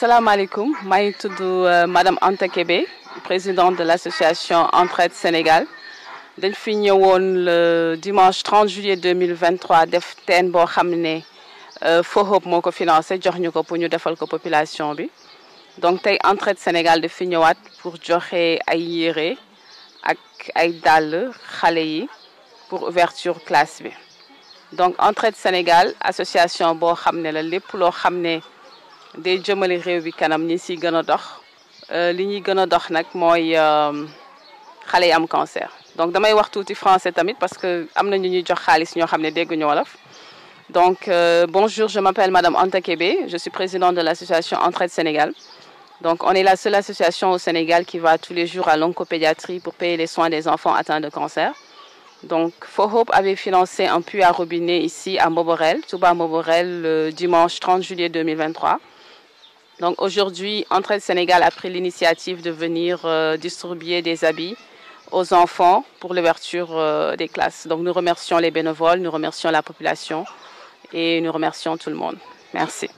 salaamaaleykum maa ngi tudd euh, madame Anta président présidente de l' association Entraide Sénégal dañ fi ñëwoon le dimanche 30 juillet 2023 def teen boo xam ne euh, FOHOP moo ko financé jox ñu ko pour ñu defal ko population bi donc tey Entraide Sénégal daf fi ñëwaat pour joxe ay yére ak ay dàll xale yi pour ouverture classe bi donc Entraide Sénégal association boo xam ne la lépp loo xam ne. day jëmale réew bi kanam ñi si gën a dox euh, li ñuy gën a dox nag mooy euh, xale yi am cancer donc damay wax tuuti français tamit parce que am na ñu ñuy jox xaalis ñoo xam ne dégguñu wolof donc euh, bonjour je m'appelle madame Anta Kébé je suis président de l'association Entraide Sénégal donc on est la seule association au Sénégal qui va tous les jours à l'oncopédiatrie pour payer les soins des enfants atteints de cancer donc For Hope avait financé un puits à robinet ici à Moborel Touba Moborel le dimanche 30 juillet 2023 Donc aujourd'hui, Entraide Sénégal a pris l'initiative de venir euh, distribuer des habits aux enfants pour l'ouverture euh, des classes. Donc nous remercions les bénévoles, nous remercions la population et nous remercions tout le monde. Merci.